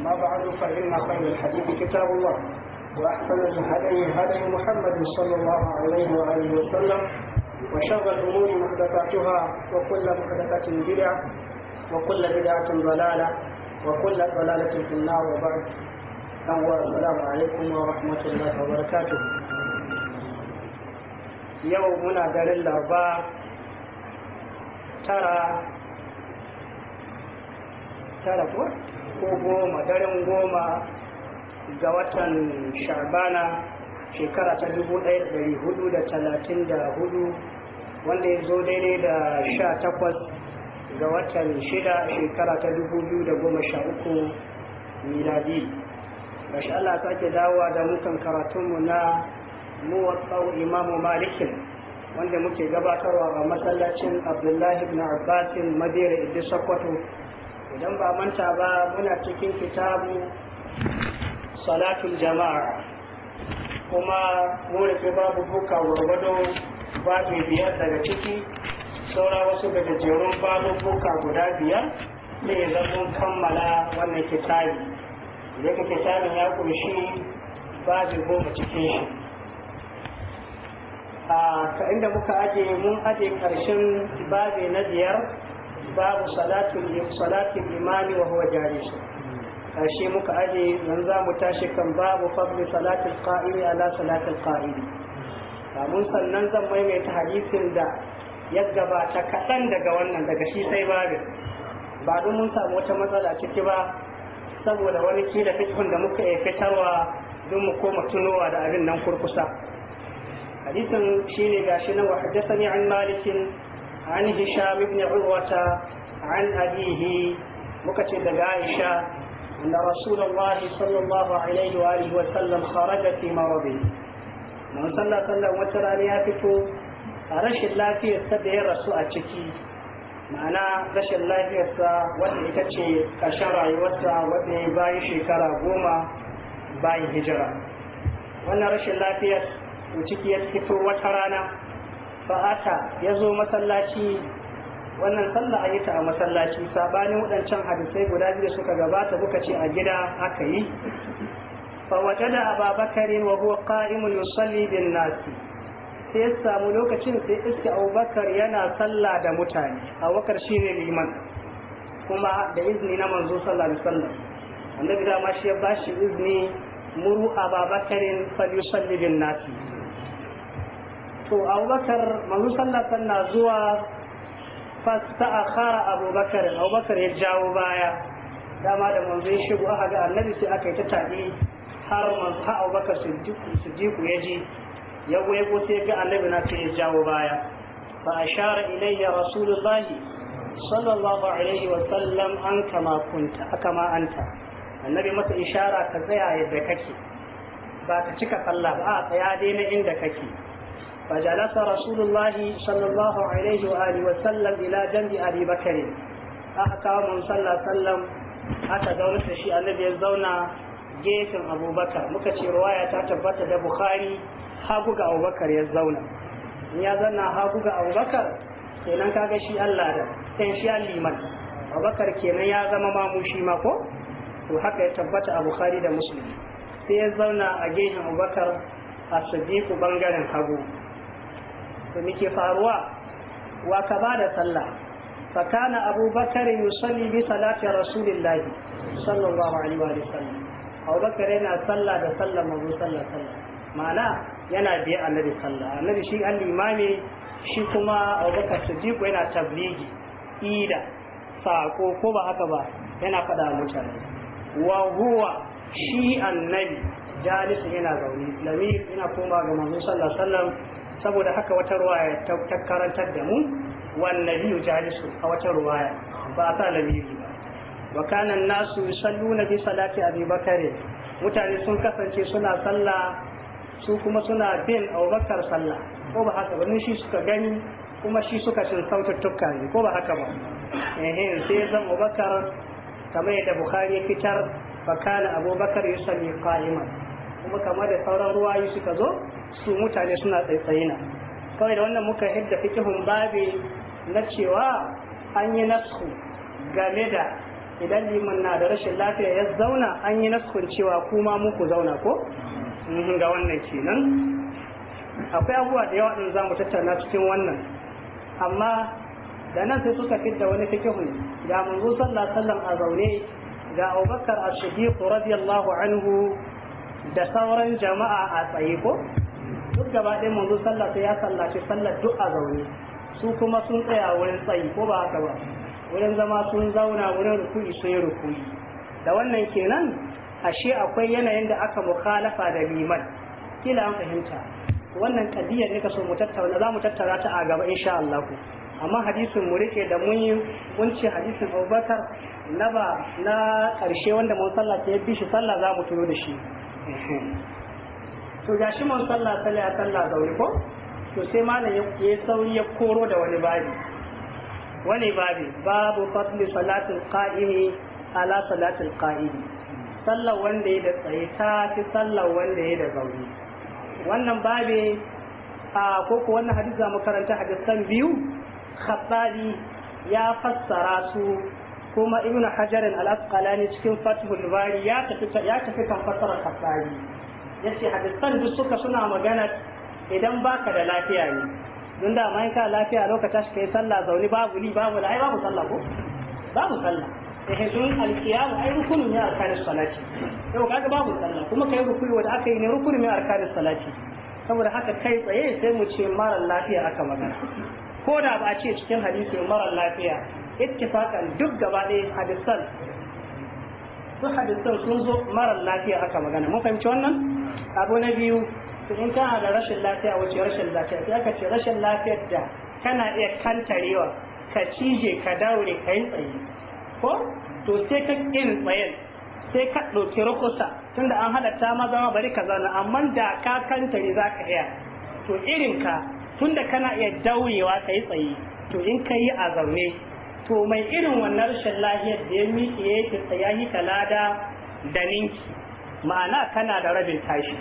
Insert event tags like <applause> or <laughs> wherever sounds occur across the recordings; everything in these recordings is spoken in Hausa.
ما بعد فإن خير الحديث كتاب الله وأحسن الهدي هدي محمد صلى الله عليه وآله وسلم وشر الأمور محدثاتها وكل محدثة بدعة وكل بدعة ضلالة وكل ضلالة في النار وبعد أهو السلام عليكم ورحمة الله وبركاته يومنا دار الأربعاء ترى ترى ko goma daren goma ga watan shabana shekara ta dubu ɗaya da dari hudu da talatin da hudu wanda ya zo daidai da sha takwas ga watan shida shekara ta dubu biyu da goma sha uku miladi Mashi Allah sake dawowa da mukan karatunmu na muwatsau imamu malikin wanda muke gabatarwa a masallacin abdullahi ibn abbasin madera idan sokoto idan ba manta ba muna cikin kitabu salatul jama'a kuma mu rufe babu buka gwargwado babu biyar daga ciki saura wasu jerun babu buka guda biyar ne ya mun kammala wannan kitabi idan kitabin ya kunshi babu goma cikin shi a inda muka aje mun aje karshen babu na biyar babu salatin salatin imani wa huwa jalisu ashe muka aje nan za mu tashi kan babu fadli salatul qa'imi ala salatul qa'ili kamun sannan zan maimaita hadisin da ya gabata kaɗan daga wannan daga shi sai babin ba don mun samu wata matsala ciki ba saboda wani kila fikhun da muka iya fitarwa don mu koma tunowa da abin nan kurkusa hadisin shine gashi nan wa haddathani an malikin عن هشام بن عروة عن أبيه مكتب عائشة أن رسول الله صلى الله عليه وآله وسلم خرج في مرضه من صلى صلى وترى ليافته rashin lafiyarsa da ya rasu a ciki ma'ana rashin lafiyarsa wadda ita ce ƙarshen rayuwarsa wadda ya bayan shekara goma bayan hijira wannan rashin lafiyar ciki ya fito wata rana fa'ata ya zo masallaci wannan sallah a yi ta a masallaci sabanin waɗancan hadisai guda biyu suka gabata kuka ce a gida aka yi da فوجد wa بكر وهو yusalli bin nasi sai ya samu lokacin sai iska abubakar yana sallah da mutane abubakar shi ne liman kuma da izini na manzo sallah da sallah annabi dama shi ya ba shi izini muru ababakarin yusalli bin nasi to abubakar manzo sallallahu na zuwa fasta akhara abubakar abubakar ya jawo baya dama da manzo ya shigo aka ga annabi sai aka yi ta tabi har manzo ha abubakar siddiqu ya ji ya goye ko sai ga annabi na sai ya jawo baya fa ashara ilayya rasulullahi sallallahu alaihi wa sallam an kama kunta aka ma anta annabi masa ishara ka tsaya yadda kake ba ka cika sallah ba a tsaya dai na inda kake فجلس رسول الله صلى الله عليه وآله وسلم إلى جنب أبي بكر أحكى من صلى الله عليه وسلم أتى دولة الشيء الذي يزونا جيت أبو بكر مكتش رواية تعتبت ده بخاري حقوق أبو بكر يزونا يزونا حقوق أبو بكر kenan kaga shi Allah da sai shi liman Abubakar kenan ya zama mamushi ma ko to haka ya tabbata a Bukhari da Muslim sai ya zauna a gehen Abubakar a Sadiku bangaren hagu to me faruwa wa ka ba da sallah فكان أبو بكر يصلي بصلاة رسول الله صلى الله عليه وسلم أبو بكر yana sallah da sallah mabu sallah sallah ma'ana yana biya annabi sallah annabi shi an limami shi kuma Abubakar Bakar yana tabligi ida sako ko ba haka ba yana fada mutane wa huwa shi annabi jalisin yana zaune lamir yana koma ga manzon sallallahu alaihi saboda haka wata ruwaya ta karantar da mu wannabi jalisu a wata ruwaya ba a sa labiri ba wa kana nasu yusalluna bi salati abi bakari mutane sun kasance suna sallah su kuma suna bin abubakar sallah ko ba haka ba shi suka gani kuma shi suka cin sautattuka ne ko ba haka ba ehe sai zan abubakar kamar yadda bukhari ya fitar fa kana abubakar yusalli qa'iman kuma kamar da sauran ruwayi suka zo su mutane suna tsaitsaye na kawai da wannan muka hidda fikihun babi na cewa an yi nasku game da idan liman na da rashin lafiya ya zauna an yi naskun cewa kuma muku zauna ko mhm, ga wannan kenan akwai abubuwa da yawa ɗin za mu tattauna cikin wannan amma da nan sai suka fidda wani fikihun ga zo sallallahu sallam a zaune ga abubakar as-siddiq radiyallahu anhu da sauran jama'a a tsaye ko duk gaba ɗaya manzo sallah sai ya sallace sallar duk a zaune su kuma sun tsaya wurin tsayi ko ba haka ba wurin zama sun zauna wurin rukuni sun yi rukuni da wannan kenan ashe akwai yanayin da aka mukhalafa da liman kila an fahimta wannan kadiyar ne ka so mu tattauna za mu tattara ta a gaba insha Allah amma hadisin mu rike da mun yi mun ce hadisin Abubakar na ba na karshe wanda mun sallah ya bi shi sallah za mu tuno da shi to gashi mun sallah sallah a sallah zaure ko to sai malam ya sauri ya koro da wani babi wani babi babu fadli salatul qa'imi ala salatul qa'imi sallar wanda ya da tsaye ta fi sallar wanda ya da zaure wannan babi a koko wannan hadisi za mu karanta hadisan biyu khattabi ya fassara su kuma ibnu hajar al-asqalani cikin fathul bari ya tafi ya tafi kan fassara khattabi ya ce hadisan duk suka suna magana idan baka da lafiya ne don da ma ka lafiya lokacin shi kai sallah zaune babu ni babu la ai babu sallah ko babu sallah eh sun alkiyamu ai rukunin ya arkanin salati to ga babu sallah kuma kai rukuni wanda aka yi ne rukunin ya arkanin salati saboda haka kai tsaye sai mu ce marar lafiya aka magana ko da ba a ce cikin hadisi marar lafiya ittifaqan duk gaba ɗaya hadisan duk hadisan sun zo marar lafiya aka magana mun fahimci wannan abu na biyu su in kana da rashin lafiya wuce rashin lafiya sai aka ce rashin lafiyar da kana iya kantarewa ka cije ka daure ka yi tsaye ko to sai ka kin tsaye sai ka ɗauki rukusa tunda an maza ma zama bari ka zauna amma da ka kantare za ka iya to irin ka tunda kana iya daurewa ka yi tsaye to in ka yi a to mai irin wannan rashin lafiyar da ya miƙe ya yi ka lada da ninki ma'ana kana da rabin tashi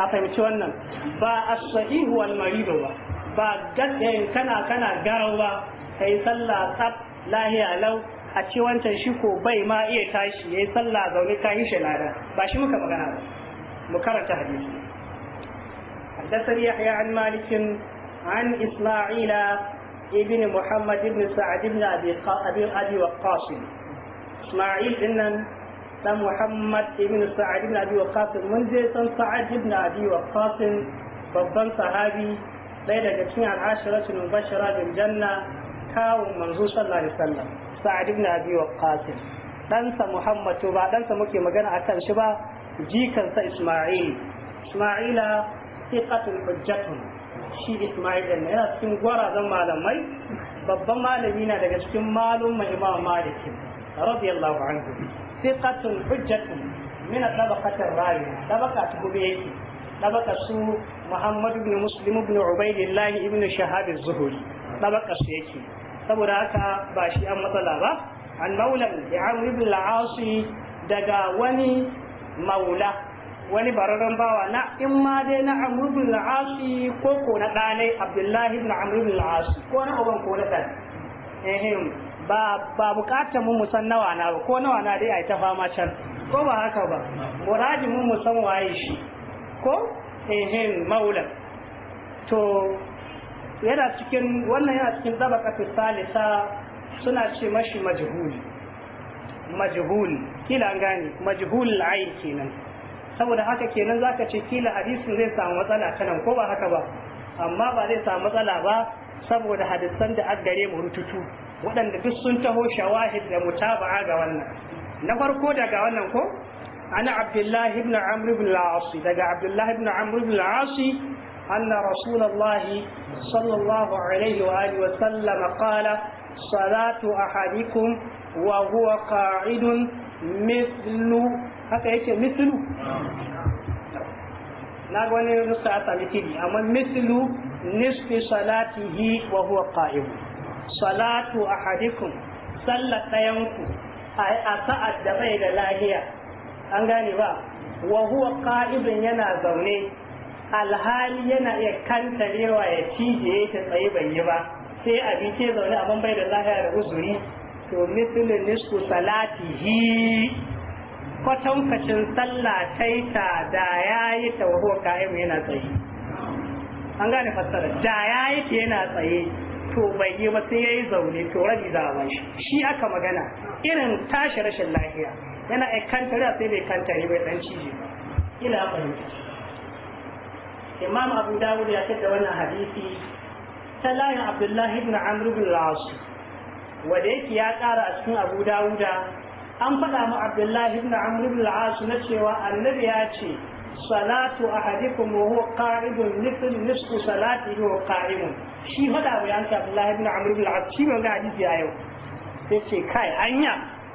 a fahimci wannan ba a sahihu wal marido ba ba gaskiyan eh, kana kana garau ba kai sallah tsaf lahiya lau a ce wancan shi ko bai ma iya tashi ya yi sallah zaune ka yi shalada ba shi muka magana ba mu karanta hadisi حدثني يحيى عن مالك عن إسماعيل ابن محمد بن سعد بن أبي أبي وقاص إسماعيل إنن ta Muhammad ibn Sa'ad ibn Abi Waqqas mun je san Sa'ad ibn Abi Waqqas babban sahabi ɗaya daga cikin al'ashiratu mubashara bil janna kawun manzo sallallahu alaihi wasallam Sa'ad ibn Abi Waqqas ɗansa Muhammad to ba ɗansa muke magana akan shi ba jikansa Isma'il Isma'ila thiqatul hujjatun shi Isma'il ɗin yana cikin gwarazan malamai babban malami na daga cikin malum mai Imam Malik radiyallahu anhu thiqatun hujjatun min tabaqati rawi tabaka gobe yake tabaka su Muhammad ibn Muslim ibn Ubaidillah ibn Shahab az-Zuhri tabaka su yake saboda haka ba shi an matsala ba an maulan da daga wani maula wani bararren bawa na in ma dai na amr ibn ko ko na abdullahi ibn amr ibn ko na uban ko na ba bukatar mu san nawa na ba ko nawa na dai a ta fama can ko ba haka ba murajin mu san waye shi ko ehin maula to yana cikin wannan yana cikin tabaqatu salisa suna ce mashi majhuli majhul kila an majhul ayn kenan saboda haka kenan zaka ce kila hadisin zai samu matsala kana ko ba haka ba amma ba zai samu matsala ba saboda hadisan da aggare mu rututu waɗanda duk sun taho shawahid da mutaba'a ga wannan na farko daga wannan ko ana abdullahi ibn amr ibn al-as daga abdullahi ibn amr ibn al-as anna rasulullah sallallahu alaihi wa alihi wa sallam qala salatu ahadikum wa huwa qa'idun mithlu haka yake mithlu na ga wani nusa a sami amma mithlu nisfi salatihi wa huwa qa'imun salatu ahadikum sallar ɗayanku a sa'ad da bai da lahiya an gane ba wa huwa qa'idun yana zaune alhali yana iya kantarewa ya cije ya tsaye bai yi ba sai a bi ce zaune amma bai da lahiya da uzuri to mithlu nisku salatihi kwatankwacin sallah taita da yayi ta wa huwa yana tsaye an gane fassara da yayi ta yana tsaye to bai yi ba sai yayi zaune to rabi za a bashi shi aka magana irin tashi rashin lafiya yana a kantare sai bai kantare bai dan cije ba ina fahimta imam abu dawud ya kaddara wannan hadisi ta layin abdullahi ibn amr ibn al-as wanda yake ya kara a cikin abu dawud an faɗa mu abdullahi ibn amr ibn al-as na cewa annabi ya ce salatu ahadikum wa huwa qa'idun mithl nisfu salatihi wa qa'imun shi fada mai an sa Abdullahi ibn Amr ibn al-As shi mai ga hadisi a yau sai ce kai anya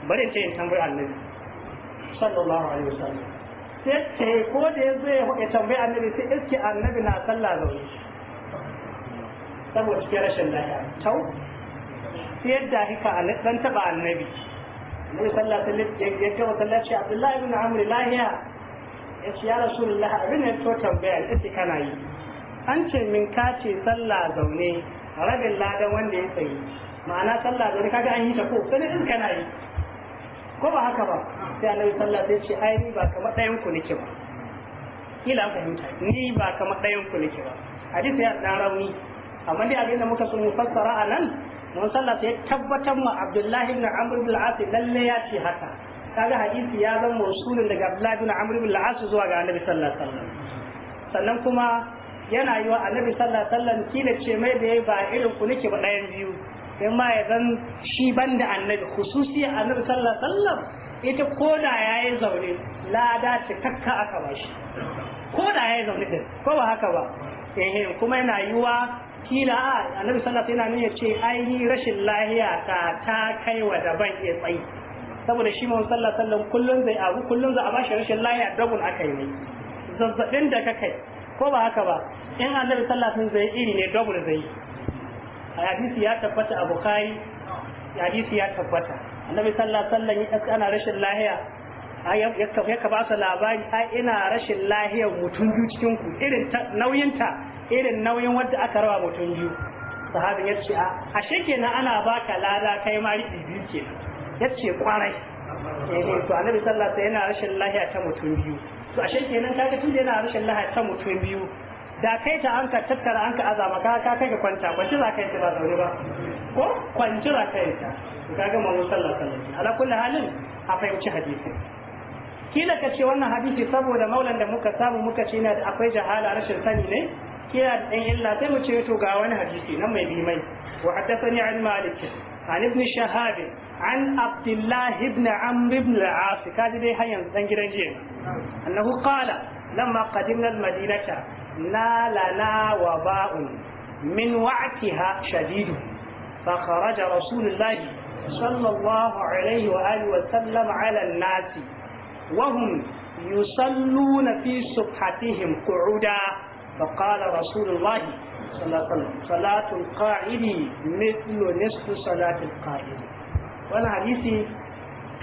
bare ta yin tambayar annabi sallallahu alaihi wasallam sai ce ko da yazo ya tambayi annabi sai iske annabi na sallah zaune saboda cikin rashin lafiya tau sai yadda hika dan taba annabi Annabi sallallahu alaihi wasallam ya ga masallaci Abdullahi ibn Amr lahiya ya ce ya Rasulullahi abin da ya to tambaya ita kana yi an ce min ka ce sallah zaune rabin ladan wanda ya tsaye ma'ana sallah zaune kaga an yi ta ko sai in kana yi ko ba haka ba sai annabi sallah sai ce ai ni ba kamar ɗayan ku nake ba kila an fahimta ni ba kamar ɗayan ku nake ba hadisi ya dan rauni amma dai abin da muka so mu fassara anan mun sallah sai tabbatar ma Abdullahi ibn Amr ibn al-As lalle ya ce haka kaga hadisi ya zama mursulin daga Abdullahi ibn Amr ibn al-As zuwa ga Annabi sallallahu alaihi wasallam sannan kuma yana yi wa annabi sallallahu alaihi wasallam kila ce mai da ba irin ku nake ba ɗayan biyu in ma ya zan shi banda annabi khususiyar annabi sallallahu alaihi wasallam ita koda yayi zaune lada ce takka aka da koda yayi zaune din ko ba haka ba eh kuma yana yi wa kila annabi sallallahu alaihi wasallam yana ce ai rashin lahiya ta ta kai wa daban ya tsayi saboda shi mun sallallahu alaihi wasallam kullun zai abu kullun za a shi rashin lahiya dabun yi ne zazzabin da ka kai ko ba haka ba in annabi sallallahu alaihi wasallam zai iri ne double zai hadisi ya tabbata a bukhari hadisi ya tabbata annabi sallallahu alaihi wasallam ana rashin lahiya ya ka ba su labari ai ina rashin lahiyar mutum biyu cikin ku irin nauyinta irin nauyin wadda aka rawa mutum biyu sahabin ya ce a ashe kenan ana baka lada kai ma riɗi biyu kenan ya ce kwarai eh, eh, to annabi sallallahu alaihi wasallam yana rashin lahiya ta mutum biyu to ashe kenan kaga tun yana rashin lahai ta mutum biyu da kai ta an ka tattara an ka azama ka ka kai ka kwanta kwanci za ka yi ba zaune ba ko kwanci za ka yi ta ka ga mamu sallallahu alaihi ala kulli halin a fahimci hadisi kila ka ce wannan hadisi saboda maulan da muka samu muka ce da akwai jahala rashin sani ne kila da ɗan illa sai mu ce to ga wani hadisi nan mai bi mai wa haddathani an malik an ibn shahab an abdullah ibn amr ibn al-as kaji dai hayyan dan gidan jiya أنه قال لما قدمنا المدينة نالنا وباء من وعتها شديد فخرج رسول الله صلى الله عليه وآله وسلم على الناس وهم يصلون في صبحتهم قعودا فقال رسول الله صلى الله عليه وسلم صلاة القاعد مثل نصف صلاة القائد وانا حديثي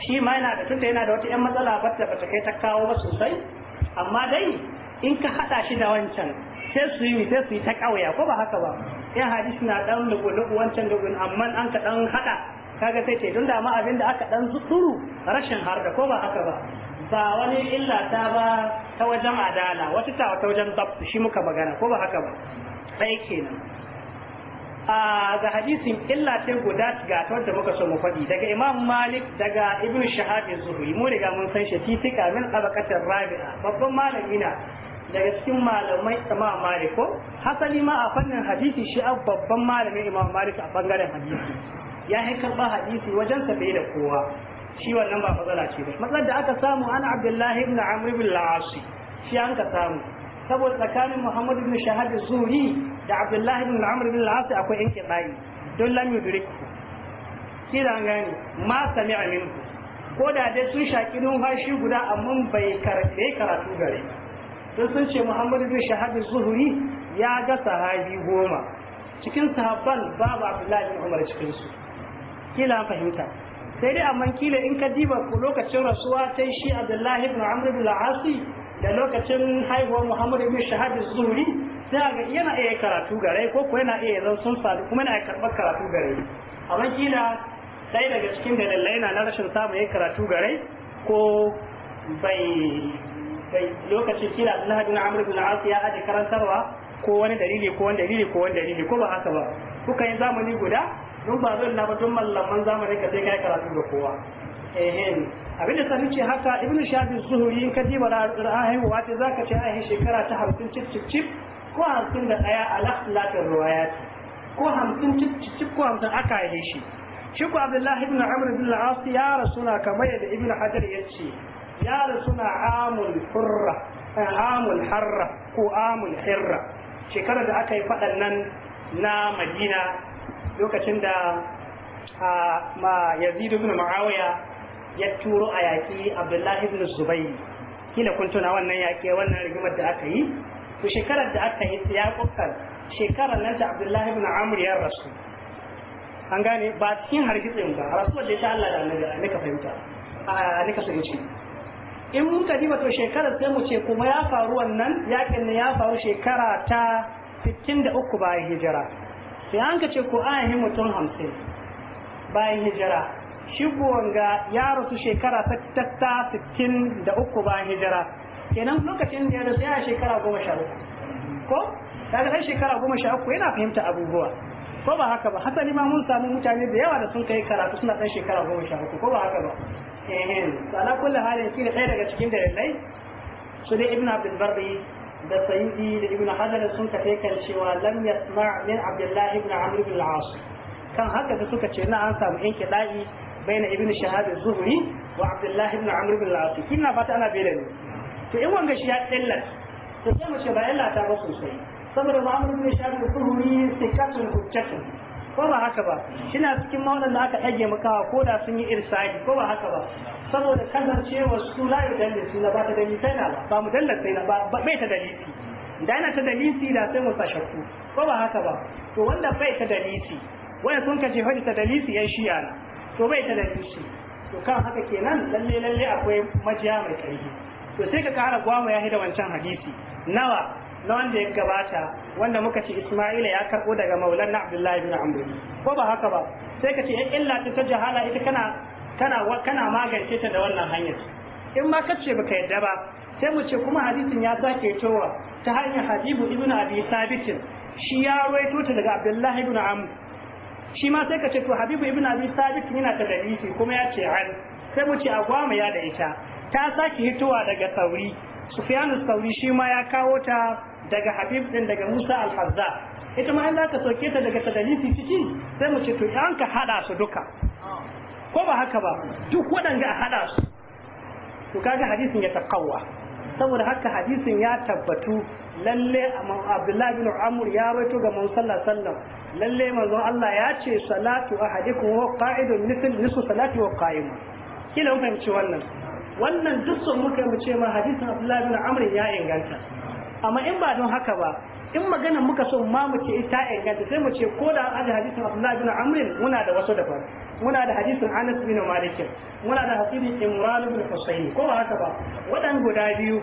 shi ma yana da tunda yana da wata yan matsala wadda bata kai ta kawo ba sosai amma dai in ka haɗa shi da wancan sai su yi sai su yi ta kauya ko ba haka ba yan hadisi na dan lugu-lugu wancan lugu amma an ka dan hada kaga sai ce don da ma abin da aka dan zuturu rashin harda ko ba haka ba ba wani illa ta ba ta wajen adala wata ta wajen zafi shi muka magana ko ba haka ba sai kenan ga hadisin illa ta guda ga ta muka so mu faɗi daga imam malik daga ibn shahab zuhri mu riga mun san shi titika min abakatar rabi'a babban malami daga cikin malamai imam malik ko hasali ma a fannin hadisi shi a babban malamin imam malik a bangaren hadisi ya yi karɓar hadisi wajen sa da kowa shi wannan ba fazala ce ba matsalar da aka samu ana abdullahi ibn amr ibn al shi an ka samu saboda tsakanin Muhammad ibn Shahab Zuri da Abdullah ibn Amr ibn al akwai yanke bayi don lam yudrik kira gani ma sami'a minku ko da dai sun shaki numfashi guda amma bai karbe karatu gare don sun ce Muhammad ibn Shahab Zuhri ya ga sahabi goma cikin sahabban babu Abdullah ibn Umar cikin su kila fahimta sai dai amma kila in ka diba lokacin rasuwa ta shi Abdullah ibn Amr ibn al da lokacin haihuwar Muhammadu bin Shahadu zuri sai ga yana iya karatu gare ko kuwa yana iya zan sun sadu kuma yana karɓar karatu gare amma kila sai daga cikin dalilai na na rashin samun yin karatu gare ko bai lokacin kila Abdullahi bin Amr bin al ya aje karantarwa ko wani dalili ko wani dalili ko wani dalili ko ba haka ba kuka yi zamani guda don ba zan na ba don mallaman zamani ka sai kai karatu da kowa abin da sani ce haka Ibn shafi suhuri in ka diba ra'ayin haihuwa ta zaka ce ai shekara ta 50 cip cip ko 51 ala latin riwayat ko hamsin cip cip ko hamsin aka yi shi shi ko abdullahi ibn amr ibn al-as ya rasuna kamar yadda Ibn hajar ya ce ya rasuna amul hurra amul harra ko amul hirra shekarar da aka yi faɗan nan na madina lokacin da ma yazid ibn muawiya ya turo a yaƙi abdullahi ibn zubai kila kun tuna wannan yaƙi wannan rigimar da aka yi to shekarar da aka yi ya kokar shekarar nan da abdullahi ibn amr ya rasu an gane ba cikin hargitsin ba rasuwar da ta Allah da annabi ne ka fahimta a ne ka fahimci in mun ka diba to shekarar sai mu ce kuma ya faru wannan yaƙin ne ya faru shekara ta 63 bayan hijira sai an ka ce ko ayin mutum 50 bayan hijira shi wanga ya rasu shekara ta ta sittin da uku bayan hijira kenan lokacin da ya rasu yana shekara goma sha uku ko daga ɗan shekara goma sha uku yana fahimta abubuwa ko ba haka ba hasali ma mun samu mutane da yawa da sun kai karatu suna ɗan shekara goma sha uku ko ba haka ba ehem ala kulli halin shi ne ɗaya daga cikin dalilai su dai ibn abdul barri da sayyidi da ibn hajar sun kafe kan cewa lam yasma' min abdullahi ibn amr ibn al-as kan haka da suka ce na an samu yanke kida'i baina ibn shahab az-zuhri wa abdullah ibn amr ibn al-as kina fata ana bayyana to in wanga shi ya illat to sai mu ce ba illa ta ba sosai saboda ba amr ibn shahab az-zuhri sikatun hujjatun ko ba haka ba shina cikin maulan da aka dage makawa ko da sun yi irsadi ko ba haka ba saboda kasancewa su la yudalli su ba ta dalili sai na ba mu dallata sai na ba bai ta dalili da yana ta dalili da sai mu sa ko ba haka ba to wanda bai ta dalili wanda sun kace hadi ta dalili ya shi'a to bai ta da tushe to kan haka kenan lalle lalle akwai majiya mai karfi to sai ka kara gwama ya da wancan hadisi nawa na wanda ya gabata wanda muka ce Isma'ila ya karbo daga Maulana Abdullahi bin Amr ko ba haka ba sai ka ce in illa ta ta jahala ita kana kana kana magance ta da wannan hanyar in ma ka ce baka yadda ba sai mu ce kuma hadisin ya sake towa ta hanyar Habibu ibn Abi Sabit shi ya waito ta daga Abdullahi ibn Amr shi ma sai ka ce to habibu ibn abi sabit yana ta dalili kuma ya ce an sai mu ce agwama ya da ita ta saki hitowa daga sauri sufyanu sauri shi ma ya kawo ta daga habib din daga musa al-hazza ita ma Allah ka soke ta daga tadalisi ciki sai mu ce to an ka hada su duka ko ba haka ba duk waɗanda a hada su to kaga hadisin ya taqawa saboda haka hadisin ya tabbatu lalle Abdullahi bin Amur ya rawaito ga Manzon sallallahu alaihi wasallam lalle manzon Allah ya ce salatu ahadikum wa qa'idun mithl nisu salati wa qa'im kila mun fahimci wannan wannan duk sun muka mu ce ma hadisin Abdullahi bin Amr ya inganta amma in ba don haka ba in magana muka so ma mu ce ita inganta sai mu ce ko da an aje hadisin Abdullahi bin Amr muna da wasu dabaru muna da hadisin Anas bin Malik muna da hadisin Imran bin Husayn ko ba haka ba wadan guda biyu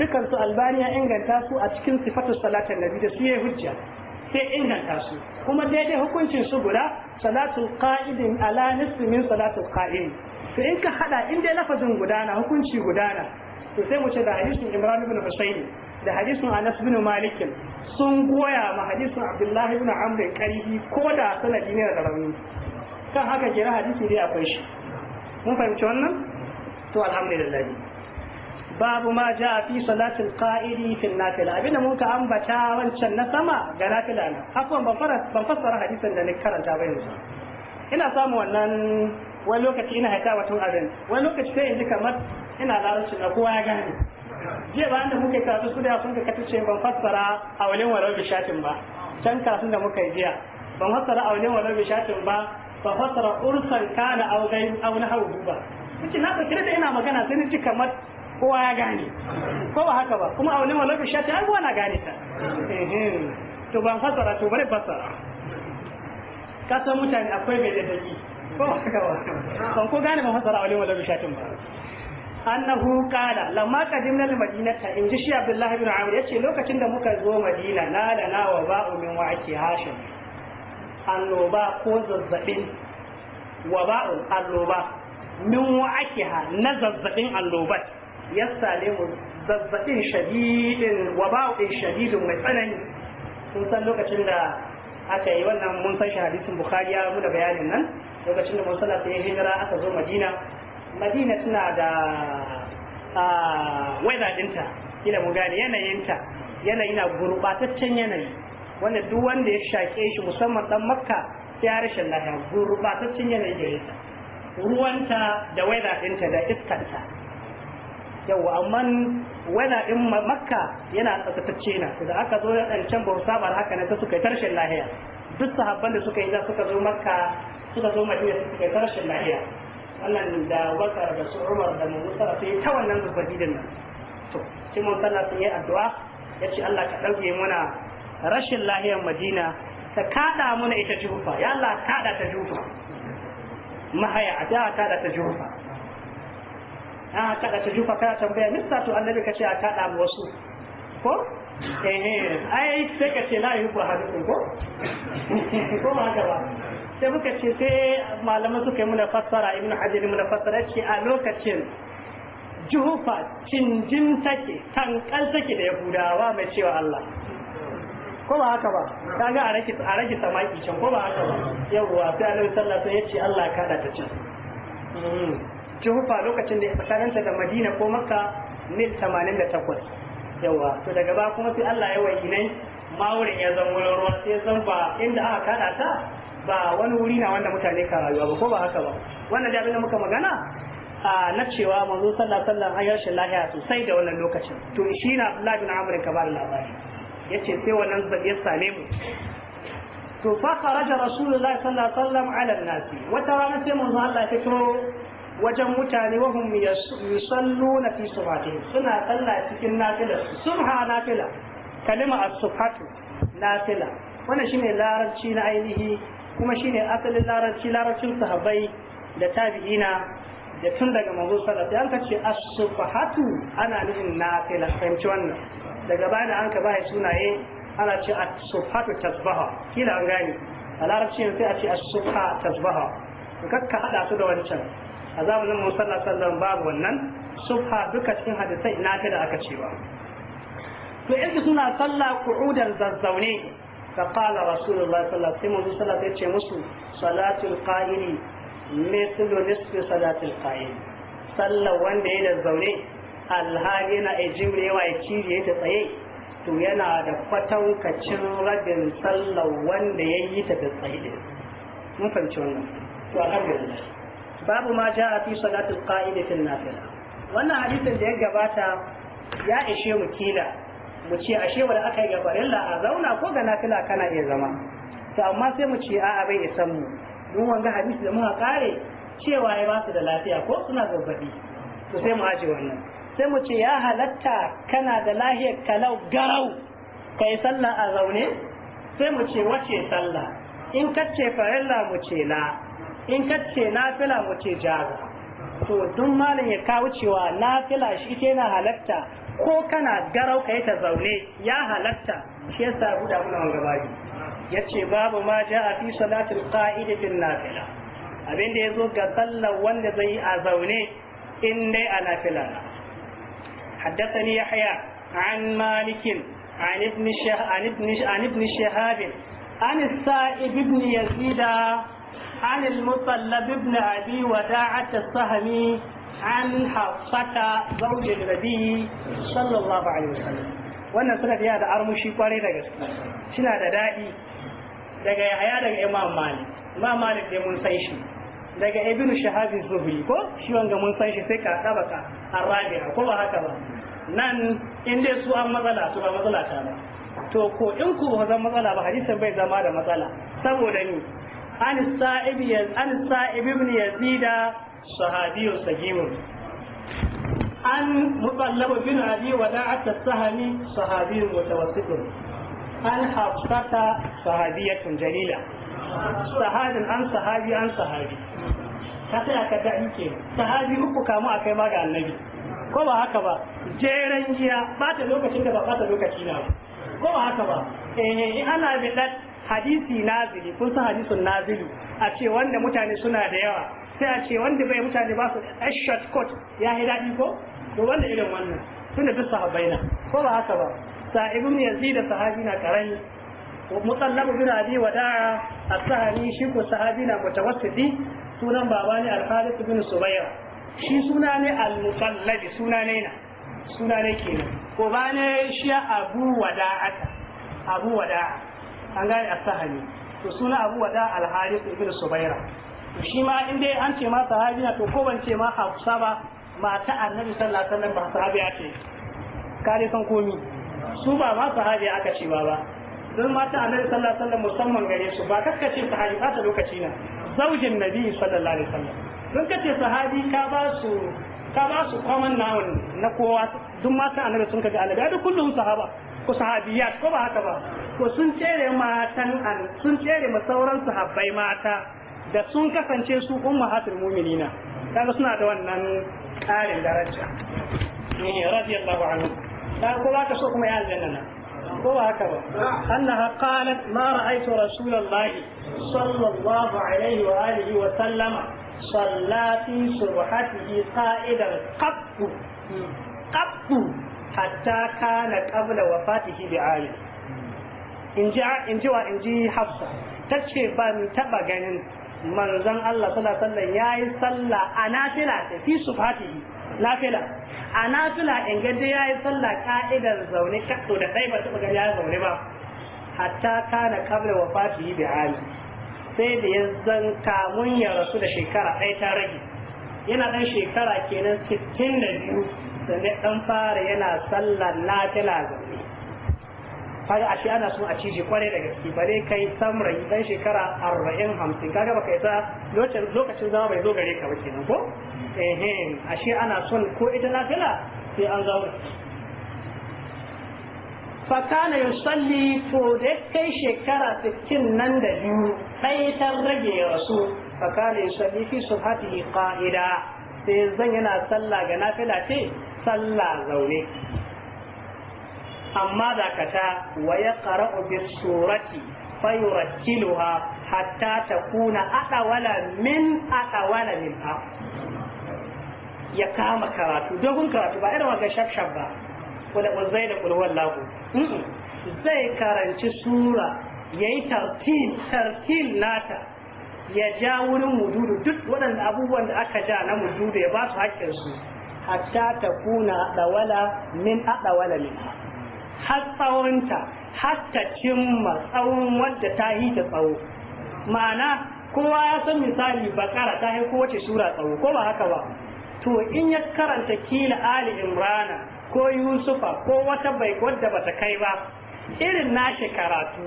dukan su Albani ya inganta su a cikin sifatu salatin Nabi da su yi hujja sai inganta su kuma daidai hukuncin su guda salatu qa'idin ala salatu qa'im Sai in ka hada in dai lafazin gudana hukunci gudana to sai mu ce da hadisin Imran bin Husayn da hadisin Anas bin Malik sun goya ma hadisin Abdullahi bin Amr karihi ko da sanadi ne da rauni kan haka kira hadisi dai akwai shi mun fahimci wannan to alhamdulillah babu ma ja fi salatul qa'idi fi nafila abinda mun ka ambata wancan na sama ga nafila na afwan ban fara ban fassara hadisin da ni karanta ba yanzu ina samu wannan wani lokaci ina haita wato azan wani lokaci sai in ji kamar ina larabci na kowa ya gane jiya bayan da muka karatu su da sun ka katace ban fassara a walin warar bishatin ba can karatun da muka yi jiya ban fassara a walin warar bishatin ba fa fasara ursan kana aw gai aw nahawu ba na tsakire da ina magana sai ji kamar kowa ya gane ko ba haka ba kuma aulima lokaci shati ai kowa na gane ta to ban fasara to bari fasara ka san mutane akwai mai da daki ko ba haka ba ban ko gane ban fasara aulima lokaci shatin ba annahu qala lamma qadimna al-madinata in ji shi abdullahi ibn amr yace lokacin da muka zo madina na da nawa ba'u min wa'aki hashim annoba ko zazzabin waba'un annoba min wa'akiha na zazzabin annoba ya sale mu zazzabin shadidin waba'un shadidin mai tsanani sun san lokacin da aka yi wannan mun san shi hadisin bukhari ya muna bayanin nan lokacin da musalla ta yi hijira aka zo madina madina tana da weather dinta kila mu gane yanayinta yanayi na gurbataccen yanayi wanda duk wanda ya shaƙe shi musamman ɗan makka ya rashin lafiya gurbataccen yanayi gare ta ruwanta da weather ɗinta da iskanta yawa amma weather ɗin makka yana tsaftatacce na da aka zo da ɗancan ba saba haka na ta suka yi tarshen lahiya duk sahabban da suka yi za suka zo makka suka zo madina suka yi tarshen lahiya wannan da bakar da su umar da musara su yi ta wannan zubadi din nan to sai mun sallah sun yi addu'a ya ce Allah ka ɗauke mana. rashin lahiyar madina ta kada muna ita jufa ya Allah kada ta jufa mahaya ta kada ta jufa a ah, kada ta jufa kana tambaya nista to annabi kace a kada mu wasu ko eh, eh ai sai kace la ku hadu ko <laughs> ko ma haka ba sai muka ce sai malaman suka yi muna fassara ibnu hajar muna fassara ce a lokacin jufa cinjin take tankal take da yahudawa mai cewa Allah ko ba haka ba kaga a rage a rage samaki can ko ba haka ba yawwa sai annabi sallallahu alaihi wasallam yace Allah ya kada ta can hmm. Juhufa lokacin da tsakaninta da Madina ko Makka mil 88 yawwa to daga ba kuma sai Allah ya wayi nan mawurin ya zama wurin ruwa sai zan ba inda aka kada ta ba wani wuri na wanda mutane ka rayuwa ba ko ba haka ba wannan da abin da muka magana a na cewa manzo sallallahu alaihi wasallam an yarshin lahiya sosai da wannan lokacin to shi na Abdullahi bin Amr ka ba labari yace sai wannan ya same mu to fa kharaja rasulullahi sallallahu alaihi wasallam ala nasi wata rana sai manzo Allah ya wajen mutane wa hum yusalluna fi salatihim suna sallah cikin nafila subha nafila kalima as-subhatu nafila wannan shine larabci na ainihi kuma shine asalin larabci larabcin sahabbai da tabi'ina da tun daga manzo sallallahu alaihi an ce as-subhatu ana nufin nafila fahimci wannan daga bana an ka bai sunaye ana ce a sufhatu tasbaha kila an gane a larabci sai a ce as-sufha tasbaha ka hada su da wancan a zamanin Musa sallallahu alaihi babu wannan sufha duka cikin hadisai na ta da aka ce ba to in suna sallah qu'udan zazzaune ka qala rasulullahi sallallahu alaihi wasallam sai mun ya ce musu salatul qa'ili mithlu nisfi salatul qa'il sallah wanda ya da zaune alhali yana a jimrewa ya cire ta tsaye to yana da kwatankacin rabin sallar wanda ya yi ta da tsaye mun fahimci wannan to alhamdulillah babu ma ja'a fi salatul qa'idi nafila wannan hadisin da ya gabata ya ishe mu kila mu ce ashe wala aka yi ga a zauna ko ga nafila kana iya zama to amma sai mu ce a'a bai isan mu don wanga hadisi da muka kare cewa ya ba su da lafiya ko suna zazzabi to sai mu aje wannan sai mu ce ya halatta kana da lahiyar kalau garau kai sallah a zaune sai mu ce wace sallah in kace farilla mu ce la in kace nafila mu ce jaza to duk malam ya kawo cewa nafila shi ke na halatta ko kana garau kai ta zaune ya halatta shi yasa buɗa muna wanga Ya yace babu ma a fi salatil qa'idi bin nafila abin da zo ga sallah wanda zai yi a zaune in dai a nafila حدثني يحيى عن مالك عن ابن شه... عن ابن عن ابن شهاب عن السائب بن يزيد عن المطلب بن ابي وداعة السهمي عن حفصة زوج النبي صلى الله عليه وسلم wannan suna da da armushi kwarai da gaske suna da daɗi daga yahaya daga imam malik imam malik dai mun san shi daga Ibn shahabi zuhri ko shi wanga mun san shi sai ka tabaka arabiya ko ba haka ba nan inda su an matsala su ba matsala ta ba to ko in ku ba zan matsala ba hadisin bai zama da matsala saboda ni an sa'ib an sa'ib ibn yazid sahabiyyu sahimun an mutallab bin abi wada'at as-sahami sahabiyyun mutawassitun an hafsata sahabiyyatun jalila sahabin an sahabi an sahabi ka sai aka da'i ke sahabi uku kamu a kai ma ga annabi ko ba haka ba jeren giya bata lokacin da ba bata lokaci na ko ba haka ba eh ana bidat hadisi nazili kun san hadisun nazili a ce wanda mutane suna da yawa sai a ce wanda bai mutane ba su short cut ya yi daɗi ko to wanda irin wannan tunda duk sahabbai na ko ba haka ba sa ibn yazid da sahabi na karani musannab bin abi wada'a as-sahani shi ko sahabi na mutawassiti sunan baba ne al-harith bin subayr shi suna ne al-musallabi suna ne na suna ne kenan ko ba ne shi abu wada'a abu wada'a an gane as-sahani to suna abu wada'a al-harith bin subayr to shi ma in dai an ce ma sahabi na to ko ban ce ma hafsa ba mata annabi sallallahu alaihi wasallam ba sahabi ake kare san komi su ba ma sahabi aka ce ba ba don mata annabi sallallahu alaihi wasallam musamman gare su ba kakkace sahabi ba ta lokaci na zaujin nabi sallallahu alaihi wasallam don kace sahabi ka ba su ka ba su common noun na kowa duk mata annabi sun kaga annabi da kullum sahaba ko sahabiyat ko ba haka ba ko sun tsere matan an sun cere masauran sahabbai mata da sun kasance su ummahatul mu'minina kaga suna da wannan ƙarin daraja ne radiyallahu anhu da kula ka so kuma ya aljanna ko ba haka ba annaha qalat ma ra'aytu rasulullahi sallallahu alaihi wa alihi wa sallama صلى في صبحته قائدا قط hatta kana كان قبل bi بعالم inji ji in ji wa in ji hafsa ta ce ban taba ganin manzon Allah sallallahu alaihi wasallam yayi sallah a nafila ta fi subhatihi nafila a nafila in gaji ya yi sallah ka'idar zaune kakko da kai ba su ga ya zaune ba hatta kana kabla wa bi ali sai da ya zan kamun ya rasu da shekara ɗaya ta rage yana ɗan shekara kenan 62 da ɗan fara yana sallar nafila zaune kaga ashe ana so a cije kwarai da gaske bare kai samurai dan shekara 40 50 kaga baka isa lokacin lokacin zama bai zo gare ka ba kenan ko eh eh ashe ana son ko ita nafila sai an zo fa ya salli to da kai shekara 60 nan da biyu ɗaya ta rage rasu fa ya salli fi subhatihi qa'ida sai zan yana sallah ga nafila ce sallah zaune amma dakata wa ya qara'u bi surati fayurattiluha hatta aɗa wala min wala min ya kama karatu dogon karatu ba irin wanda shafshaf ba wanda zai da kulhuwan lagu zai karanci sura ya yi tartil nata ya ja wurin mududu duk waɗanda abubuwan da aka ja na mududu ya ba su haƙƙinsu hatta ta kuna ɗawala min aɗawala min ha har tsawonta har ta cimma tsawon wadda ta yi ta tsawo ma'ana kowa ya san misali bakara ta haiku wace sura tsawo ko ba haka ba to in ya karanta kila ali imrana ko yusufa ko wata bai wadda bata kai ba irin nashi karatu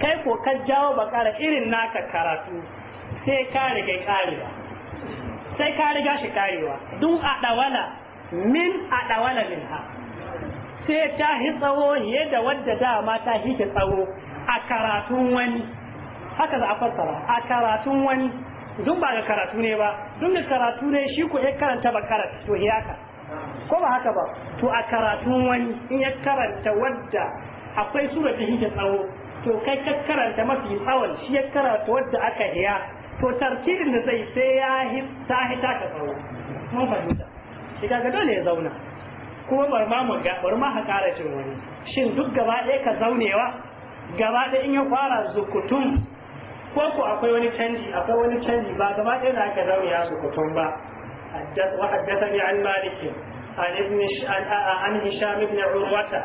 kai ko ka jawo bakara irin naka karatu sai ka riga karewa sai ka riga shi karewa dun a dawala min a dawala min ha sai ta hi tsawo ne da wadda dama ta hi ta tsawo a karatun wani haka za a fassara a karatun wani duk ba ga karatu ne ba duk da karatu ne shi ko ya karanta ba karatu to ya ka ko ba haka ba to a karatun wani in ya karanta wadda akwai sura ta hi ta tsawo to kai ka karanta mafi tsawon shi ya karanta wadda aka hiya to tartibin da zai sai ya hi ta hi ta tsawo mun fahimta shi ga dole ya zauna kuma bar ma mu ga bar ma ha cin wani shin duk gaba ɗaya ka zaunewa gaba ɗaya in ya fara zukutun ko ku akwai wani canji akwai wani canji ba gaba ɗaya da aka ya zukutun ba wa haddathani an malik an ibn an hisham ibn urwata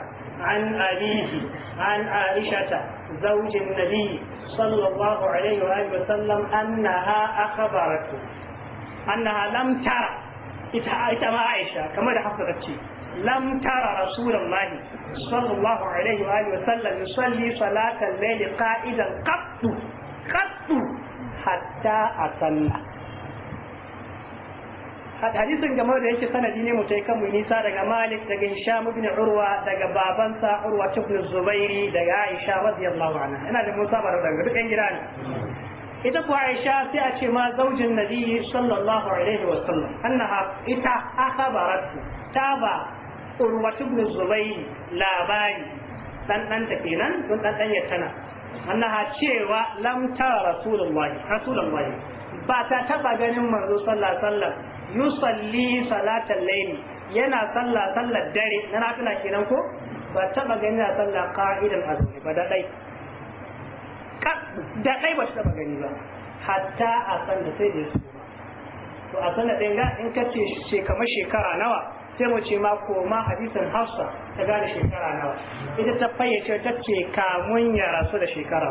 an abihi an aishata زوج النبي صلى الله عليه sallam annaha أنها أخبرته أنها لم ترى ita ma Aisha kamar da Hafsa ta ce لم ترى رسول الله صلى الله عليه وآله وسلم يصلي صلاة الليل قائدا قط قط حتى أصلى هذا حديث كما هو سنة ديني متأكد من نساء مالك دقى هشام بن عروة دقى بابنسا عروة بن الزبير دقى عائشة رضي الله عنها أنا لم أصبر دقى بك إنجراني إذا كو عائشة سيأتي ما زوج النبي صلى الله عليه وسلم أنها إذا أخبرته تابا urwatu ibn zubayr labari dan dan ta kenan don dan dan yattana annaha cewa lam tara rasulullahi rasulullahi ba ta taba ganin manzo sallallahu alaihi wasallam yusalli salatal layli yana sallah sallar dare na nafila kenan ko ba taba ganin yana sallah qa'idan azumi ba da dai da dai ba taba gani ba hatta a san da sai da su to a sanar ɗin in ka ce kamar shekara nawa sai mu ce ma koma hadisin hafsa ta gane shekara nawa ita ta fayyace ta ce kamun ya rasu da shekara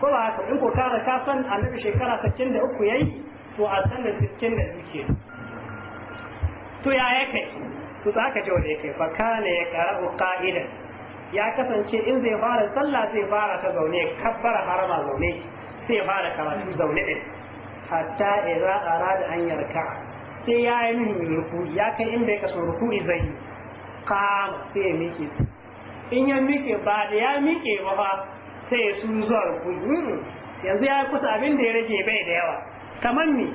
ko ba haka in ko kara ka san annabi shekara 63 yayi to a san da 62 ke to ya yake to za ka ji wanda yake fa kana ya qara'u qa'idan ya kasance in zai fara sallah zai fara ta zaune kabbara harama zaune sai fara karatu zaune hatta idza arada an yarka'a sai ya yi min ruku'i ya kai inda ya kaso ruku'i zai yi kama sai ya miƙe in ya miƙe ba da ya miƙe ba fa sai ya sun zuwa ruku'i hmm, yanzu ya kusa abin da ya rage bai da yawa kamar ni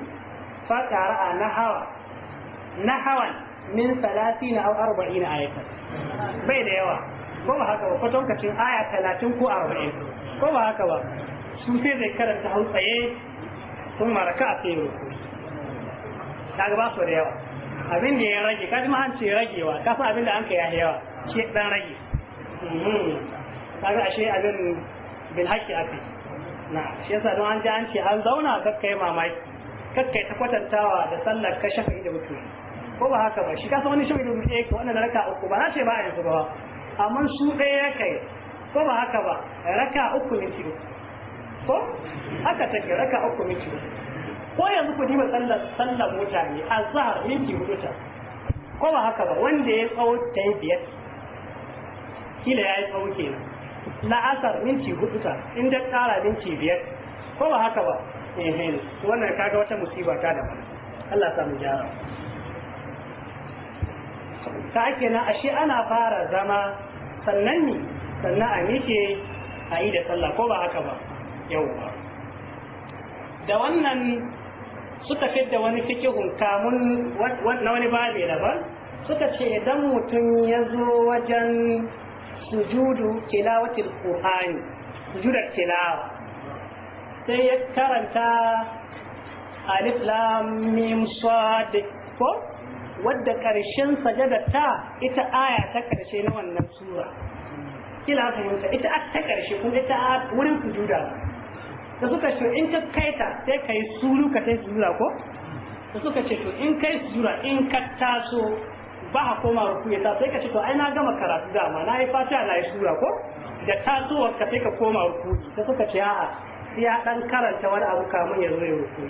fa a na hawa na hawan min salatina arba'i na ayatan bai da yawa ko ba haka ba kwatankacin aya talatin ko arba'in ko ba haka ba su sai zai karanta hau tsaye sun maraka a tsaye ruku'i kaga ba su da yawa abin da ya rage kaji ma an ce ragewa ka san abin da an ka ya yawa shi dan rage hmm. kaga ashe abin bil haqqi afi na shi yasa don an ji an ce an zauna kakkai mamaki kakkai ta kwatantawa da sallar ka shafa da mutum ko ba haka ba shi ka san wani shi da mutum yake wannan raka uku ba na ce ba a yanzu ba amma su ɗaya ya kai ko ba haka ba raka uku ne ko haka take raka uku ne ko yanzu ku dima sallar sallar mutane zahar minti hudu ta ko ba haka ba wanda ya tsawo ta yi biyar kila ya yi tsawo kenan la'asar minti hudu ta in tsara minti biyar ko ba haka ba eh wannan kaga wata musiba ta daban Allah ya samu gyara ta na ashe ana fara zama sannan ne sannan a nike a yi da sallah ko ba haka ba yau ba da wannan suka fidda wani fikihun kamun na wani babi daban suka ce idan mutum ya zo wajen sujudu tilawatil qur'ani sujudar tilawa sai ya karanta alif lam mim sad ko wadda karshen sajada ta ita aya ta karshe na wannan sura kila fahimta ita ta karshe kuma ita wurin sujuda da suka ce in ka kai ta sai ka yi suru ka kai sura ko da suka ce to in kai sura in ka taso ba ha koma rukuya ta sai ka ce to ai na gama karatu da ma na yi fata na yi sura ko da tasowar ka sai ka koma ruku da suka ce a'a sai ya dan karanta wani abu kamun ya zo ya ruku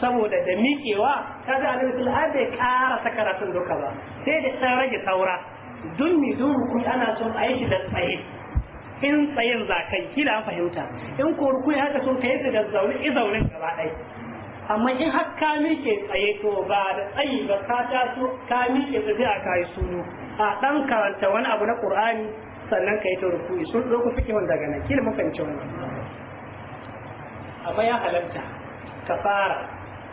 saboda da miƙewa ta ga annabi sallallahu alaihi ƙara ta karatun doka ba sai da ɗan rage saura dun mi dun rukuyi ana son a yi shi da tsaye in tsayin za kai kila an fahimta in ko rukuni haka sun kai su da zaune izaunin gaba ɗaya amma in har ka mike tsaye to ba da tsayi ba ka taso ka mike tsaye a kayi sunu a ɗan karanta wani abu na ƙur'ani sannan ka yi ta rukuni sun ɗauko fikihun daga nan kila mun fahimci wannan amma ya halatta ka fara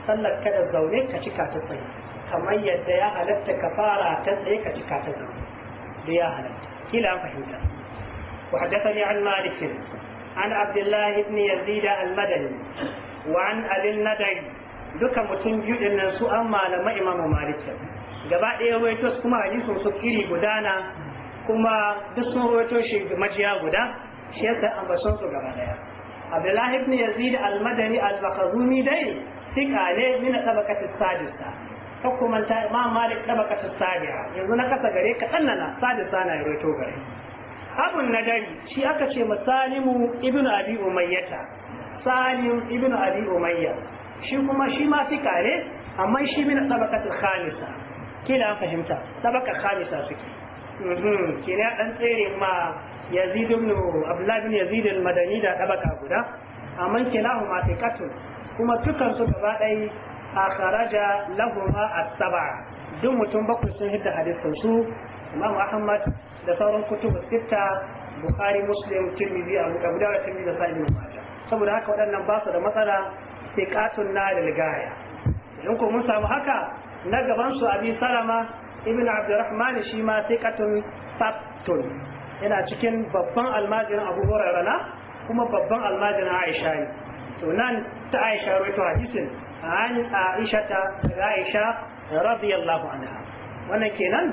sallar ka da zaune ka cika ta tsaye kamar yadda ya halatta ka fara ta tsaye ka cika ta zaune da ya halatta kila an fahimta وحدثني عن مالك عن عبد الله بن يزيد المدني وعن أبي الندعي duka mutum biyu din su an malamai imamu malik gaba ɗaya waito kuma hadisin su iri gudana kuma duk sun waito shi majiya guda shi yasa an basun su gaba ɗaya abdullahi ibn yazid al-madani al-bakhazumi dai sika ne min tabaqat as-sadisa ko kuma ta imam malik tabaqat as-sabi'a yanzu na kasa gare ka sannana sadisa na waito gari. abun dari shi aka ce ma Salimu ibnu abi umayyata salim ibnu abi umayya shi kuma shi ma fi kare amma shi min tabaqatul khamisa kila fahimta tabaqa khamisa suke mhm, kina dan tsere ma yazid ibn abdullah ibn yazid al-madani da tabaqa guda amma kilahu ma fiqatun kuma dukan su gaba dai akharaja lahuma as-sab'a duk mutum bakwai sun hidda hadisin su Imam Ahmad da sauran kutubu sitta bukhari muslim tirmidhi abu abu dawud tirmidhi da ibn majah saboda haka waɗannan ba su da matsala thiqatun na da ligaya in ko mun samu haka na gaban su abi salama ibn abdurrahman shi ma thiqatun sabtun yana cikin babban almajirin abu hurairah na kuma babban almajirin aisha ne to nan ta aisha rawaito hadisin an aisha ta aisha radiyallahu anha wannan kenan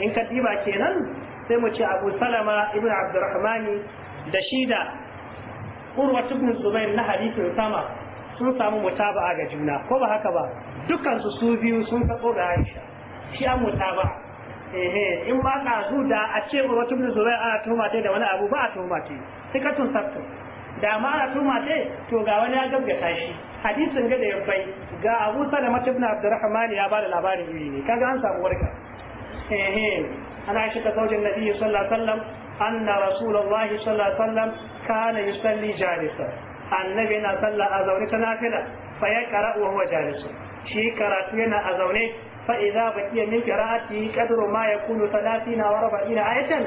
in ka diba kenan sai mu ce abu salama ibn abdurrahmani da shida urwa ibn zubair na hadisin sama sun samu mutaba'a ga juna ko ba haka ba dukkan su su biyu sun karɓo ga aisha shi an mutaba ehe in ba ka zu da a ce urwa ibn zubair ana tuhuma da wani abu ba a tuhuma ta sai ka tun sabta da ma ana tuhuma to ga wani ya gaggata shi hadisin ga da ya bai ga abu salama ibn abdurrahmani ya ba da labarin yuri ne kaga an samu warka ehe عن عائشة زوج النبي صلى الله عليه وسلم أن رسول الله صلى الله عليه وسلم كان يصلي جالسا النبي صلى أزوني نافلة فيقرأ وهو جالس شي كراتينا أزوني فإذا بقي من قراءته قدر ما يكون ثلاثين وربعين آية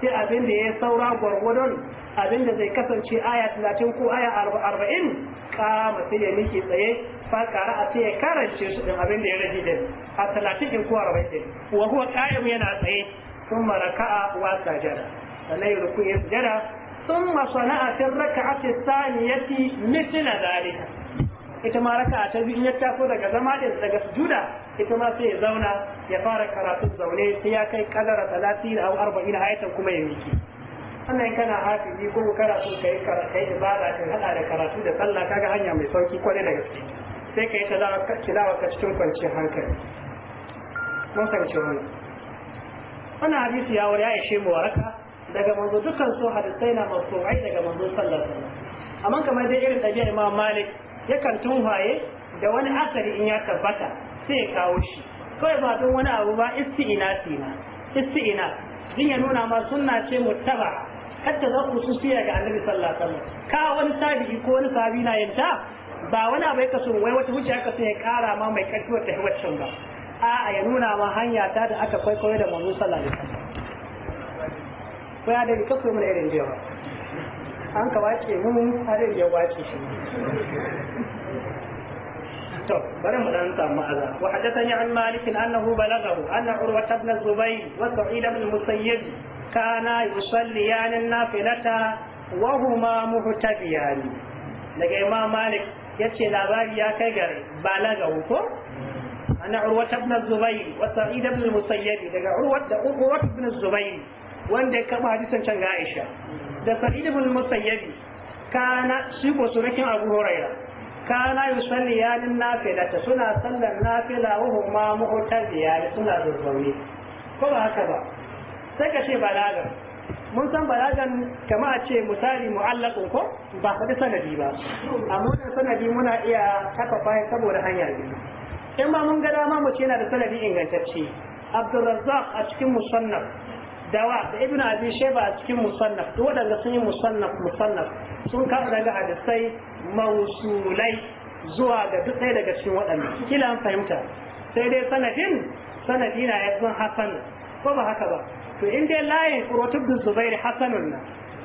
في أبن دي سورة غرغدون abinda zai kasance aya 30 ko aya 40 kama sai ya miki tsaye fa a sai ya karance su din abinda ya rage din a 30 din ko 40 din wa huwa qa'im yana tsaye thumma raka'a wa sajada sannan ya ruku ya sujada thumma sana'a fi raka'atin saniyati mithla dhalika ita ma raka'a ta biyu in ya taso daga zama din daga sujuda ita ma sai ya zauna ya fara karatu zaune sai ya kai kadara 30 au 40 ayatan kuma ya miki sannan kana hafizi ko kana so kai kai ibada ka hada da karatu da sallah kaga hanya mai sauki kwarai da gaske sai kai ta tilawa ka cikin kwanciyar hankali mun san wannan wannan hadisi ya wuri ya ishe mu waraka daga manzo dukkan su hadisai na masu'ai daga manzo sallallahu alaihi amma kamar dai irin ɗabi'ar Imam Malik yakan tunhaye da wani asari in ya tabbata sai ya kawo shi kawai ba don wani abu ba isti'ina ina, isti'ina din ya nuna ma sunna ce mutaba kadda za ku su siya ga annabi sallallahu alaihi wasallam ka wani tabi'i ko wani sahabi na yanta ba wani abai ka so wai wata hujja aka so ya kara ma mai karfi wata hujjan ba a'a ya nuna ma hanya ta da aka kwaikwayo da manzo sallallahu alaihi wasallam ko ya da ka mun irin jewa an ka wace mun har ya wace shi to bari mu dan samu aza wa hadathani an malik annahu balaghahu anna urwa ibn kana yusalliyan nafilata wa huma muhtabiyan daga imam malik yace labari ya kai ga balaga ko ana urwata ibn zubayr wa sa'id ibn عروة daga urwata urwata wanda ya kama hadisan can Aisha da Sa'id ibn Musayyib kana shi ko sunakin Abu Huraira kana yusalli yanin nafila ta suna sallar nafila wa huma mu'taziya suna ko ba haka ba sai ka ce balagar mun san balagar kama a ce misali mu'allakun ko ba faɗi sanadi ba amma wannan sanadi muna iya kafa bayan saboda hanya biyu in ba mun ga dama mu ce yana da sanadi ingantacce Abdulrazzaq a cikin musannaf dawa da Ibn Abi Shayba a cikin musannaf duk waɗanda sun yi musannaf musannaf sun kawo daga hadisai mausulai zuwa ga duk ɗaya daga cikin waɗannan kila an fahimta sai dai sanadin sanadi na zan hasan ko ba haka ba to in dai layin urwatu bin zubair hasanun na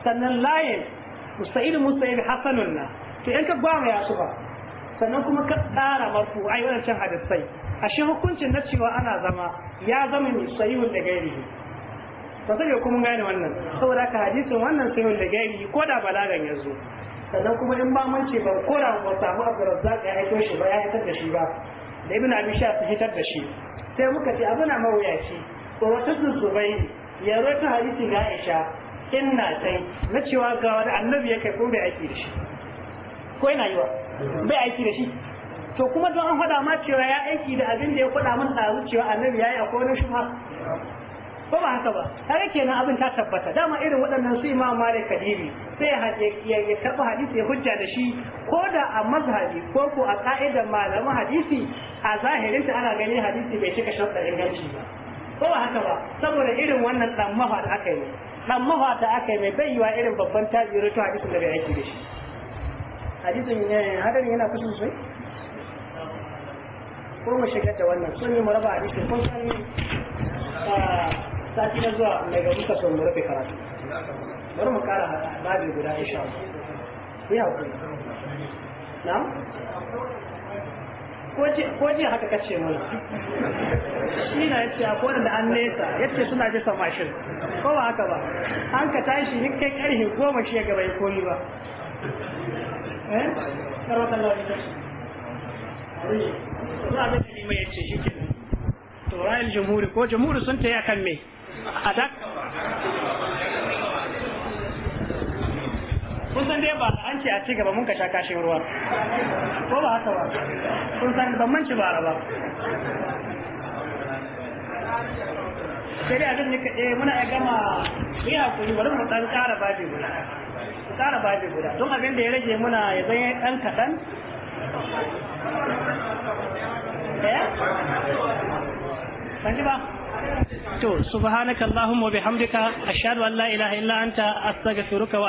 sannan layin musta'id musta'id hasanun na to in ka ba mu ya ba sannan kuma ka tsara marfu ai wadancan hadisai ashe hukuncin na cewa ana zama ya zama ne sahihul da gairihi to sai kuma gane wannan saboda ka hadisin wannan sahihul da gairi, ko da balagan ya zo sannan kuma in ba mun ce ko kora ba samu Abdurrazzaq ya haito shi ba ya haifar da shi ba da Ibn Abi Shah hitar da shi sai muka ce abu na mawuyaci to wata zubai ya rawaito hadisin ga Aisha inna sai na cewa ga wani annabi ya kai ko bai aiki da shi ko yana yiwa bai aiki da shi to kuma don an faɗa ma cewa ya aiki da abin da ya faɗa min da cewa annabi ya yi akwai wani shuha ko ba haka ba kaga kenan abin ta tabbata dama irin waɗannan su imam malik kadiri sai ya ya karɓi hadisi ya hujja da shi ko da a mazhabi ko ko a ka'idar malaman hadisi a zahirinta ana ganin hadisi bai cika sharuɗa inganci ba ko ba haka ba saboda irin wannan dan mafa da aka yi dan mafa da aka yi mai wa irin babban tajiri to hadisin da bai aiki da shi hadisin ne hadarin yana kusa sosai ko mu shigar da wannan sun yi mu raba hadisin kun san ah, sati na zuwa mai ga muka son mu rufe karatu bari mu kara babi guda insha Allah ya hakuri na ko ji haka kace mana shi na yace a kowane da an nesa yace suna bisa mashin ko ba haka ba an ka tashi ni kai karhe goma shi gaba ya komi ba eh karwata Allah ya to abin shi jamhuri ko jamhuri sun ta akan me a da kun san dai ba an ce a ci gaba mun ka sha kashin ruwa ko ba haka ba kun san ban manci bara ba sai dai abin nika eh muna ya gama yi kuri bari mu dan ƙara babi guda ƙara babi guda don abin da ya rage muna ya zan ɗan kaɗan sanji eh? ba to subhanakallahumma wa bihamdika ashhadu an la ilaha illa anta astaghfiruka wa